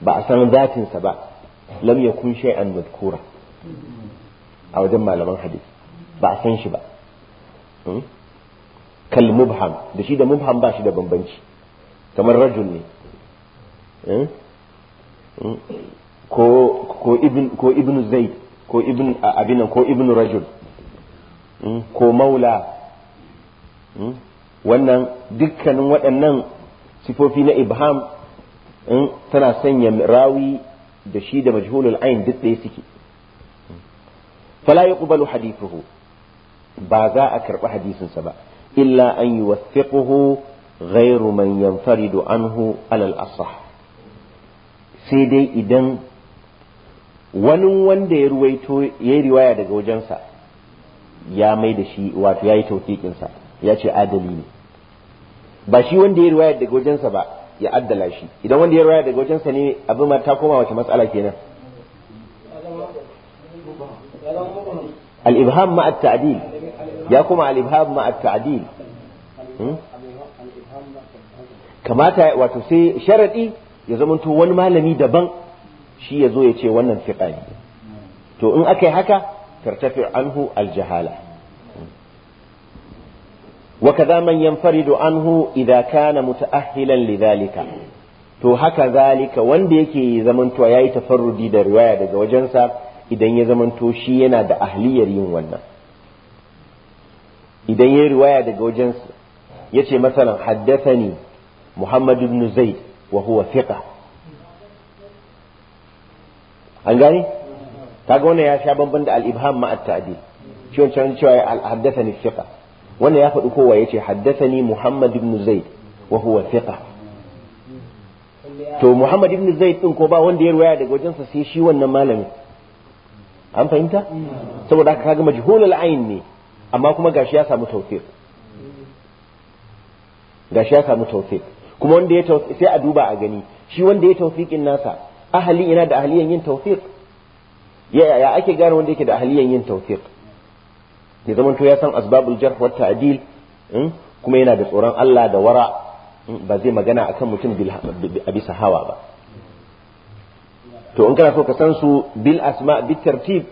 ba a san zatin sa ba lam yakun shay'an madkura a wajen malaman hadisi ba a san shi ba hmm? kal mubham da shi da mubham ba shi da bambanci kamar rajul ne hmm? Hmm? ko ibn zaid ko ibn abin ko ibn rajul hmm, ko maula hmm, wannan dukkanin waɗannan sifofi na ibham hmm, tana sanya rawi da shi da majhulul ain duk ɗaya suke fala yuqbalu hadithuhu ba za a karɓi hadisinsa ba illa an yuwathiquhu ghairu man yanfaridu anhu alal asah sai dai idan wani wanda ya ruwaito ya yi riwaya daga wajensa ya mai da shi wato ya yi taukikinsa ya ce adali ne ba shi wanda ya riwaya daga wajensa ba ya addala shi idan wanda ya riwaya daga wajensa ne abin ma ta koma wace matsala kenan
al-ibham ma at-ta'dil ya kuma al-ibham ma at-ta'dil
hmm? kamata wato sai sharadi ya zama to wani malami daban shi ya zo ya ce wannan fiqa ne to in aka yi haka tartafi anhu aljahala wa kaza man yanfaridu anhu idza kana mutaahhilan lidhalika to haka zalika wanda yake zamantowa yayi tafarrudi da riwaya daga wajensa idan ya zamanto shi yana da ahliyar yin wannan idan ya riwaya daga wajensa yace masalan haddathani muhammad ibn zaid wa huwa thiqah an gane kaga wannan ya sha bamban da al-ibham ma at-ta'dil shi wancan cewa al-haddathani thiqa wannan ya faɗi kowa yace haddathani Muhammad ibn Zaid wa huwa thiqa to Muhammad ibn Zaid din ko ba wanda ya ruwaya daga wajensa sai shi wannan malami an fahimta saboda haka kaga majhulul ayn ne amma kuma gashi ya samu tawfiq gashi ya samu tawfiq kuma wanda ya sai a duba a gani shi wanda ya tawfiqin nasa ahali yana da ahaliyan yin tawfiq ya ya ake gane wanda yake da ahaliyan yin tawfiq ya zaman to ya san asbabul jarh wa ta'dil hmm, kuma yana da tsoron Allah da wara hmm, ba zai magana akan mutum a bisa hawa ba to in kana so ka san su bil asma bit tartib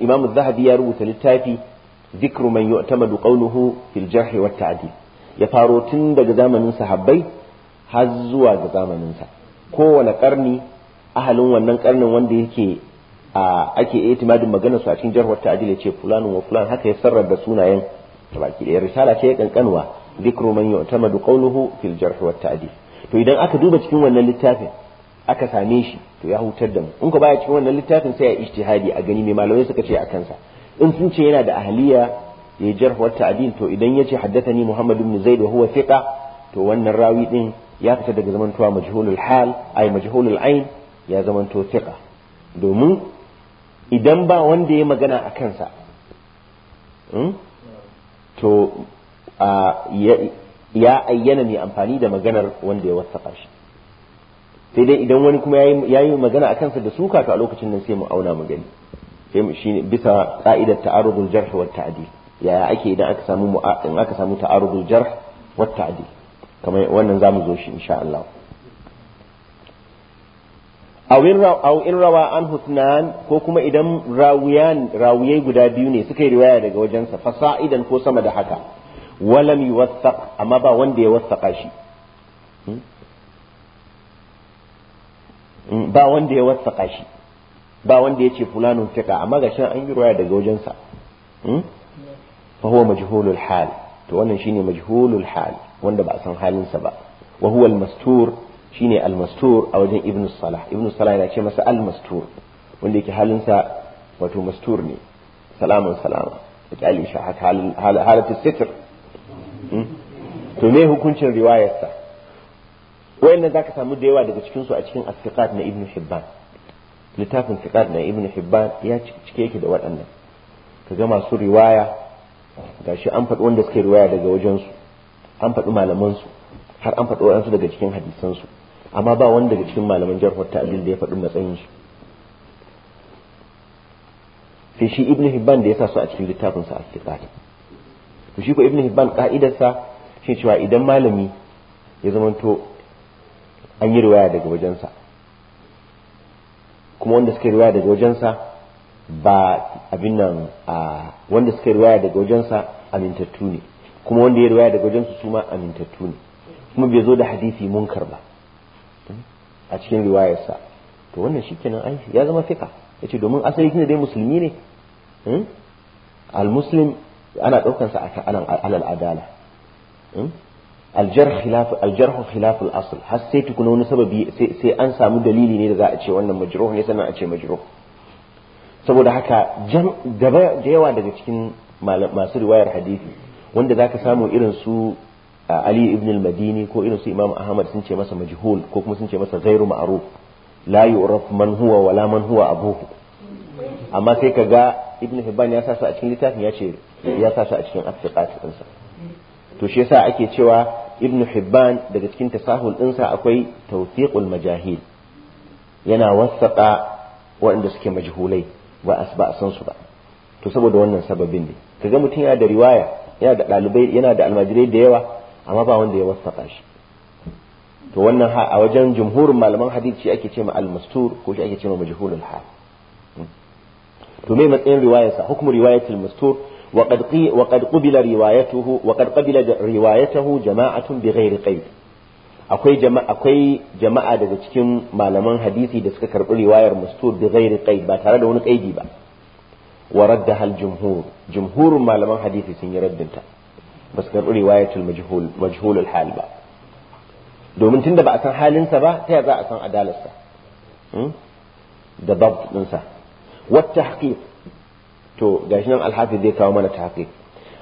imam zahabi ya rubuta littafi dhikru man yu'tamadu qawluhu fil jarh wa ta'dil ya faro tun daga zamanin sahabbai har zuwa ga zamanin sa kowane karni ahalin wannan karnin wanda yake a ake itimadin maganar su a cikin jarhar ta'dil ce fulanun wa fulan haka ya sarrar da sunayen baki da risala ce kankanwa zikru man yu'tamadu qawluhu fil jarh wa ta'dil to idan aka duba cikin wannan littafin aka same shi to ya hutar da mu in ko baya cikin wannan littafin sai ya ijtihadi a gani mai malamai suka ce a kansa in sun ce yana da ahliya ya jarh wa ta'dil to idan yace haddathani muhammad ibn zaid wa huwa thiqa to wannan rawi din ya fita daga zamantuwa majhulul hal ay majhulul ain ya zama thiqa domin idan ba wanda ya magana a kansa hmm, to ya ayyana mai amfani da maganar wanda ya wasa shi sai dai idan wani kuma ya yi magana a kansa da suka to a lokacin nan sai mu auna magani sai mu shine bisa ka'idar ta'arudul jarh wa ta'dil yaya ake idan aka samu in aka samu ta'arudul jarh wa ta'dil kamar wannan zamu zo shi insha Allah aw in rawa an husnan ko kuma idan rawiyan rawiyai guda biyu ne suka yi riwaya daga wajensa fasa'idan ko sama da haka walam yuwassaq amma ba wanda ya wassaqa shi hmm? Hmm, ba wanda ya wassaqa shi ba wanda ya ce fulanun fiqa amma ga shi an yi riwaya daga wajensa hmm? fa huwa majhulul hal to wannan shine majhulul hal wanda ba a san halinsa ba wa huwa al-mastur shine almastur a wajen ibn salah ibn salah yana ce masa almastur wanda yake halinsa wato mastur ne salaman salama da kyalin shi haka halatul sitr hmm? to me hukuncin riwayarsa wayannan zaka samu da yawa daga cikin su a cikin as na ibn hibban littafin siqat na ibn hibban ya cike yake da waɗannan Ka kaga masu riwaya gashi an faɗi wanda suke riwaya daga wajensu an faɗi malamansu har an faɗi waɗansu daga cikin hadisansu amma ba wanda daga cikin malaman jarhar abin da ya faɗi matsayin shi sai shi ibn hibban da ya sa su a cikin littafin sa as-siqat to shi ko ibn hibban ka'idarsa shi cewa idan malami ya zamanto an yi riwaya daga wajensa kuma wanda suka riwaya daga wajensa ba abin nan a wanda suka riwaya daga wajensa amintattu ne kuma wanda ya riwaya daga wajensa su ma amintattu ne kuma bai zo da hadisi munkar ba a cikin riwayarsa to wannan shikenan ai ya zama fika ya ce domin asali shine dai musulmi ne hmm? al-muslim ana ɗaukansa sa akan alal adala hmm? aljar khilaf aljarh khilaf al-asl har sai tukuna wani sababi sai an samu dalili ne da za a ce wannan majruh ne sannan a ce majruh saboda haka gaba da yawa daga cikin masu riwayar hadisi wanda zaka samu irin su ali ibn al-madini ko irin su imam ahmad sun ce masa majhul ko kuma sun ce masa Zairu ma'ruf la yu'raf man huwa wala man huwa abuhu amma sai ka ga ibn hibban ya sa a cikin littafin ya ce ya sa a cikin afiqat ɗinsa to shi yasa ake cewa ibn hibban daga cikin tasahul ɗinsa akwai tawfiqul majahil yana wasaƙa waɗanda suke majhulai ba a ba san su ba to saboda wannan sababin ne kaga mutum yana da riwaya yana da ɗalibai yana da almajirai da yawa amma ba wanda ya wasaka shi to wannan a wajen jumhurin malaman hadith shi ake ce ma al-mastur ko shi ake ce ma majhulul hal to me matsayin riwayarsa hukmu riwayatul mastur وقد وقد قبل روايته وقد قبل روايته akwai jama'a akwai jama'a daga cikin malaman hadisi da suka karbi riwayar mastur bi ghairi ba tare da wani qaidi ba wa raddaha al jumhur jumhurun malaman hadisi sun yi raddinta ba su karɓi riwayatul majhulul hal ba domin tunda ba a san halinsa ba ta za a san adalarsa hmm? da bab ɗinsa wata haƙiƙ to gashi nan alhafi zai kawo mana ta haƙiƙ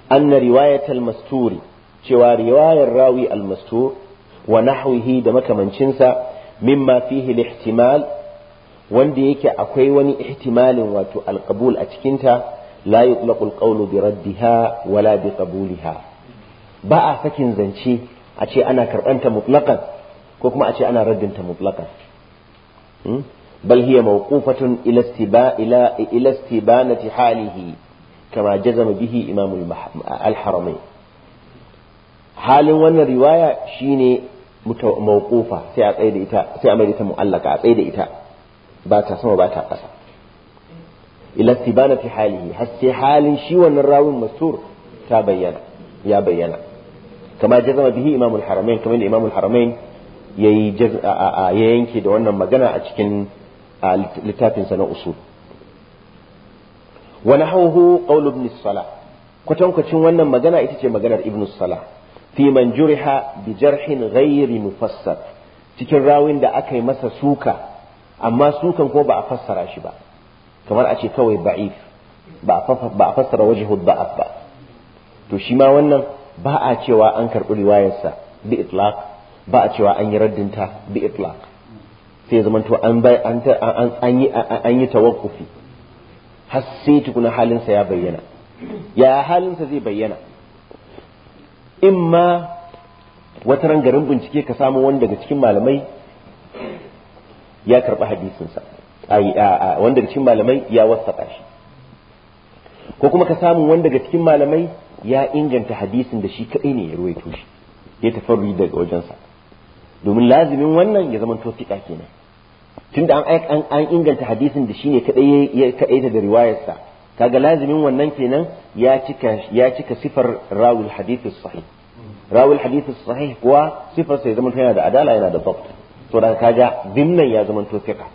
anna riwayatul masturi cewa riwayar rawi almastur wa nahwihi da makamancinsa mimma fihi lihtimal wanda yake akwai wani ihtimalin wato alƙabul a cikinta la yutlaqu alqawlu bi raddiha wala bi ƙabuliha ba a sakin zance a ce ana karɓanta mutlaqan ko kuma a ce ana raddinta mutlaqan hmm? bal hiya mawqufatun ila istiba ila ila istibanati halihi kama jazama bihi imam al-haramain halin wannan riwaya shine mawqufa sai a tsaye da ita sai a mai da ita mu'allaka a tsaye da ita ba ta sama ba ta ƙasa ila istibanati halihi har sai halin shi wannan rawin mastur ta bayyana ya bayyana kama jazama bihi imamul haramain kamar imamul haramain ya yanke da wannan magana a cikin littafinsa na usul wa nahawhu qawl ibn kwatankwacin wannan magana ita ce maganar ibn salah fi man juriha bi jarhin ghairi mufassar cikin rawin da aka yi masa suka amma sukan ko ba a fassara shi ba kamar a ce kawai ba'if ba a fassara wajhu da'af ba to shi ma wannan ba a cewa an karɓi riwayarsa bi itlaq ba a cewa an yi raddinta bi itlaq sai zaman to an bai an an yi an yi tawakkufi har sai tukuna halinsa ya bayyana ya halinsa zai bayyana imma wata garin bincike ka samu wani daga cikin malamai ya karɓi hadisinsa wanda daga cikin malamai ya wasa shi ko kuma ka samu wani daga cikin malamai ya inganta hadisin da shi kadai ne ya ruwaito shi ya tafarri daga wajensa domin lazimin wannan ya zama to fiqa kenan tunda an an inganta hadisin da ne kadai ya kadaita da riwayarsa kaga lazimin wannan kenan ya cika sifar rawul hadithis sahih rawul hadithis sahih kuwa sifar sai zama yana da adala yana da dabt to da kaga dimnan ya zama to fiqa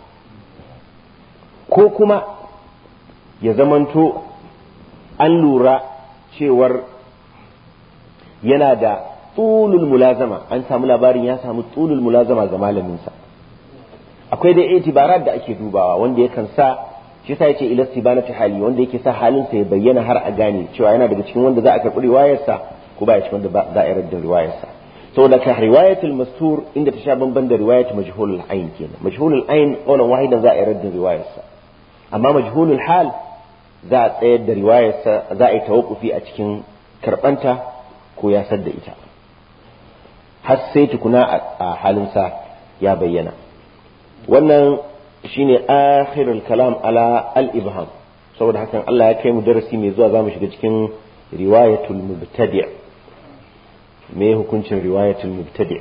ko kuma ya zamanto an lura cewar yana da tsulul mulazama an samu labarin ya samu tsulul mulazama ga malaminsa akwai da itibarat da ake dubawa wanda yakan sa shi sa yace ila sibanati hali wanda yake sa halinsa ya bayyana har a gane cewa yana daga cikin wanda za a karɓi riwayarsa ko ba ya cikin wanda za a yarda riwayarsa saboda ka riwayatul mastur inda ta sha bamban da riwayat majhulul ayn kenan majhulul ayn qawlan wahidan za a yarda riwayarsa amma majhulul hal za a tsayar da riwayarsa za a yi tawakkufi a cikin karɓanta ko ya da ita har sai tukuna a halin sa ya bayyana wannan shine akhirul kalam ala al-ibham saboda hakan Allah ya kai mu darasi mai zuwa zamu shiga cikin riwayatul mubtadi' me hukuncin riwayatul mubtadi'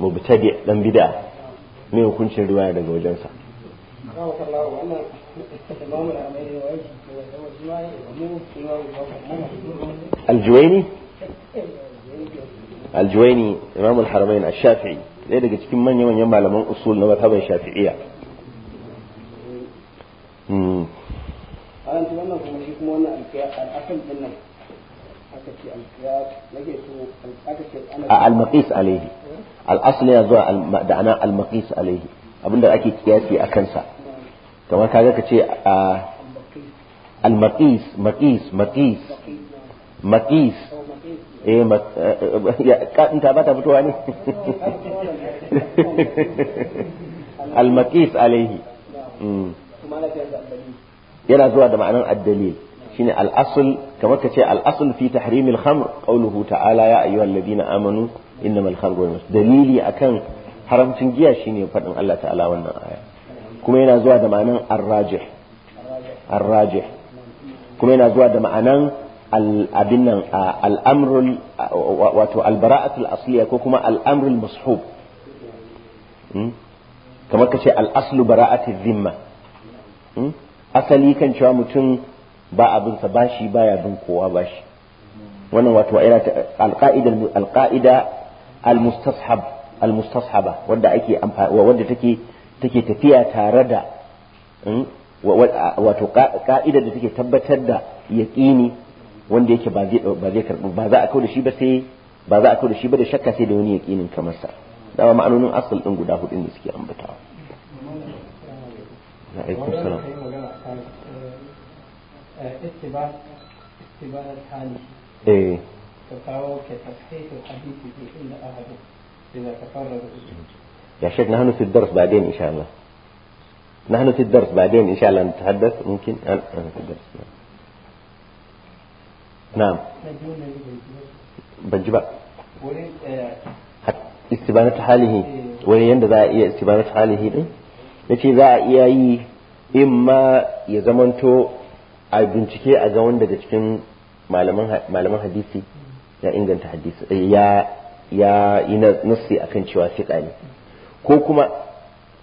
mubtadi' dan bid'a me hukuncin riwaya daga wajensa
بارك الله وأن إمام الحرمين
الجويني الجويني إمام الحرمين الشافعي ɗaya daga cikin manya-manyan malaman usul na mazhaban shafi'iyya an
wannan kuma shi kuma wannan al'asal din nan aka ce nake so aka ce ana al-maqis alayhi al-asl ya
zuwa da ana al-maqis alayhi abinda ake kiyasi a kansa kamar kaga ka ce a al-maqis maqis maqis maqis eh, eh kadin ta ba fitowa ne al-maqis alaihi mm. yana zuwa da ma'anar addalil shine al-asl kamar ka ce al-asl fi tahrimil khamr qawluhu ta'ala ya ayyuhalladhina amanu innamal khamru dalili akan haramcin giya shine fadin Allah ta'ala wannan aya kuma yana zuwa da ma'anan arrajih arrajih kuma yana zuwa da ma'anan abin nan al'amrul wato albara'atul asliya ko kuma al'amrul mashub hmm? kamar ka ce al'aslu bara'atul zimma hmm? asali kan cewa mutum ba abinsa bashi ya bin kowa shi wannan wato yana alqaida alqaida almustashab almustashaba wanda ake wanda take take tafiya tare da wato ka'idar da take tabbatar da yaƙini wanda yake ba zai karɓi ba za a kawo da shi ba sai ba za a kawo da shi ba da shakka sai da wani yaƙinin kamar sa da dama ma'anonin asal din guda hudu da suke ambatawa na aikun salam eh
ta kawo ke ka ta hadisi inda ahadu إذا تفرد الزوج
يا شيخ نحن في الدرس بعدين إن شاء الله نحن في الدرس بعدين إن شاء الله نتحدث ممكن أنا في الدرس نعم بجبا استبانة حاله ولين ذا إيا استبانة حاله دي ذا za إيه إي إما يزمن تو أي بنتكي zamanto دا bincike a حديثي يا daga تحديث يا يا ينصي أكن hadisi ko kuma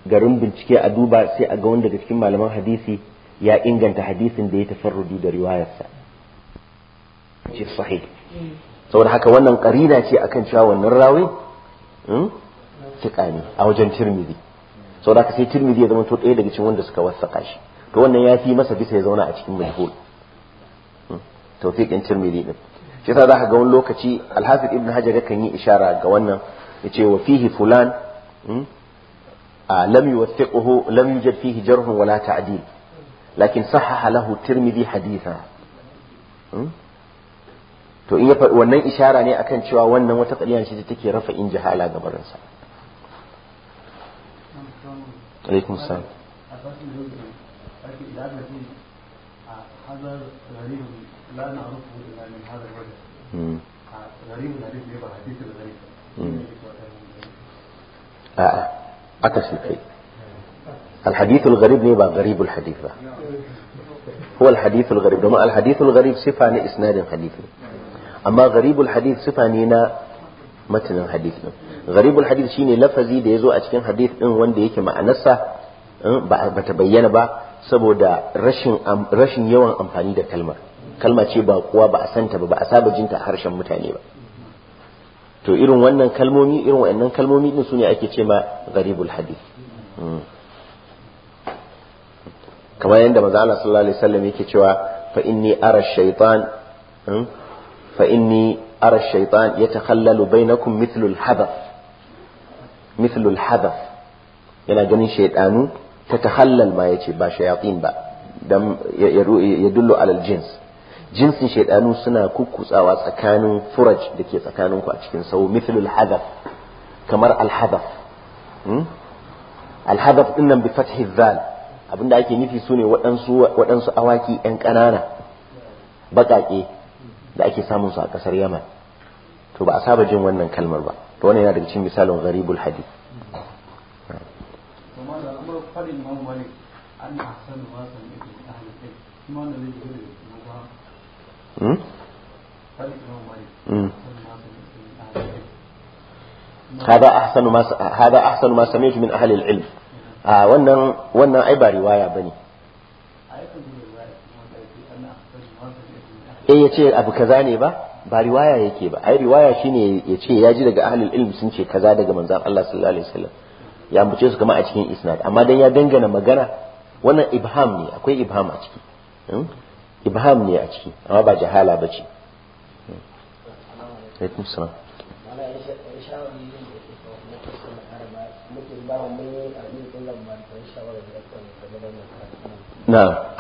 garin bincike a duba sai a ga wanda cikin malaman hadisi ya inganta hadisin da ya tafarrudi da riwayarsa ce sahih saboda haka wannan karina ce akan cewa wannan rawi hmm, ne a wajen tirmidhi saboda haka sai tirmidhi ya zama to ɗaya daga cikin wanda suka wasaka shi to wannan ya fi masa bisa ya zauna a cikin majhul hmm, tawfiqin tirmidhi din shi yasa zaka ga wani lokaci alhafiz ibn hajar yakan yi ishara ga wannan yace wa fihi fulan لم يوثقه لم يوجد فيه جرح ولا تعديل لكن صحح له الترمذي حديثا to in ya faɗi wannan ishara ne akan cewa wannan wata ƙarya ce take rafa in jihala ga barin sa alaikum salam a'a aka shi kai الحديث الغريب ne ba غريب الحديث ba هو الحديث الغريب domin الحديث الغريب sifa ne isnadin hadisi amma gharibul hadith sifa ne na matanin hadith din gharibul hadith shine lafazi da ya zo a cikin hadith ɗin wanda yake ma'anarsa ba ta bayyana ba saboda rashin yawan amfani da kalma. kalma ce ba kuwa ba a santa ba ba a saba jinta a harshen mutane ba to irin wannan kalmomi irin wa'annan kalmomi din sune ake cewa gharibul hadith kamar yanda manzo Allah sallallahu alaihi wasallam yake cewa fa inni ara shaytan fa inni ara shaytan yatakhallalu bainakum mithlul hadath mithlul hadath yana ganin shaytanu tatakhallal ma yace ba shayatin ba dan ya dullu alal jins jinsin shaidanu suna kukkutsawa tsakanin furaj da ke tsakanin ku a cikin sau mithlul alhadaf kamar alhadaf hmm? alhadaf din nan bi fathi dhal abinda ake nufi sune waɗansu waɗansu awaki ƴan ƙanana baƙaƙe da ake samun su a ƙasar Yaman to ba a saba jin wannan kalmar ba to wannan yana daga cikin misalin gharibul hadith
kuma da amur fadin mamali an ahsanu ma sami'tu ahli kai kuma da ne Hmm? Hmm.
hada ahsanu ma هذا أحسن ما سمعت من أهل العلم wannan wannan ai ba riwaya bane eh yace abu kaza ne ba ba riwaya yake ba ai riwaya shine yace ya ji daga ahlul ilm sun ce kaza daga manzon Allah sallallahu alaihi wasallam ya ambace su kama a cikin isnad amma dan ya dangana magana wannan ibham ne akwai ibham a ciki hmm? ibham ne a ciki amma ba jahala ba ce na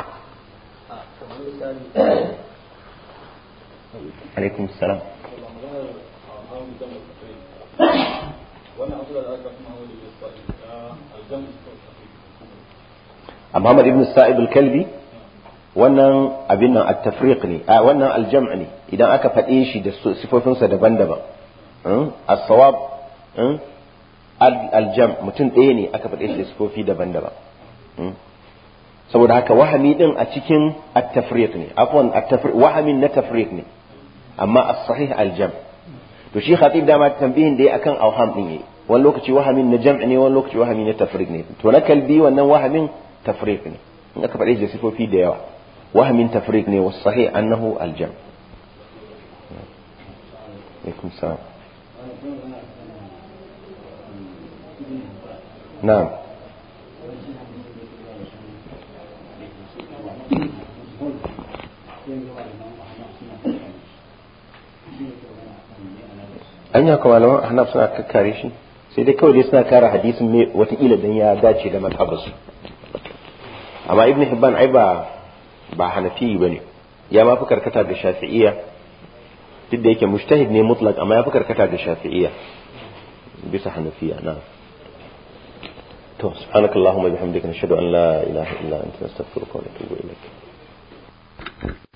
Muhammad ibn Sa'ib al-Kalbi wannan abin nan at-tafriq ne wannan al ne idan aka faɗe shi da sifofinsa daban-daban hmm? as-sawab hmm? aljam mutum ɗaya ne aka faɗe shi da sifofi daban-daban hmm? saboda haka wahami din a cikin at-tafriq ne afwan at-tafriq wahamin na tafriq ne amma as-sahih aljam to shi khatib dama tambihin da akan awham din yayi wani lokaci wahamin na jam'i ne wani lokaci wahamin na tafriq ne to na kalbi wannan wahamin tafriq ne in aka faɗe da sifofi da yawa وهمين تفريق لي والصحيح أنه الجمع عليكم السلام نعم an yi kuma malaman ahnaf suna kakkare shi sai dai kawai dai suna kare hadisin ne wataƙila don ya dace da mazhabarsu amma ibn hibban ai ba ba hanafi ba ne ya ma fi karkata ga shafi'iyya duk da yake mujtahid ne mutlak amma ya fi karkata ga shafi'iyya bisa hanafiya na to subhanakallahumma bihamdika nashhadu an la ilaha illa anta astaghfiruka wa atubu ilaik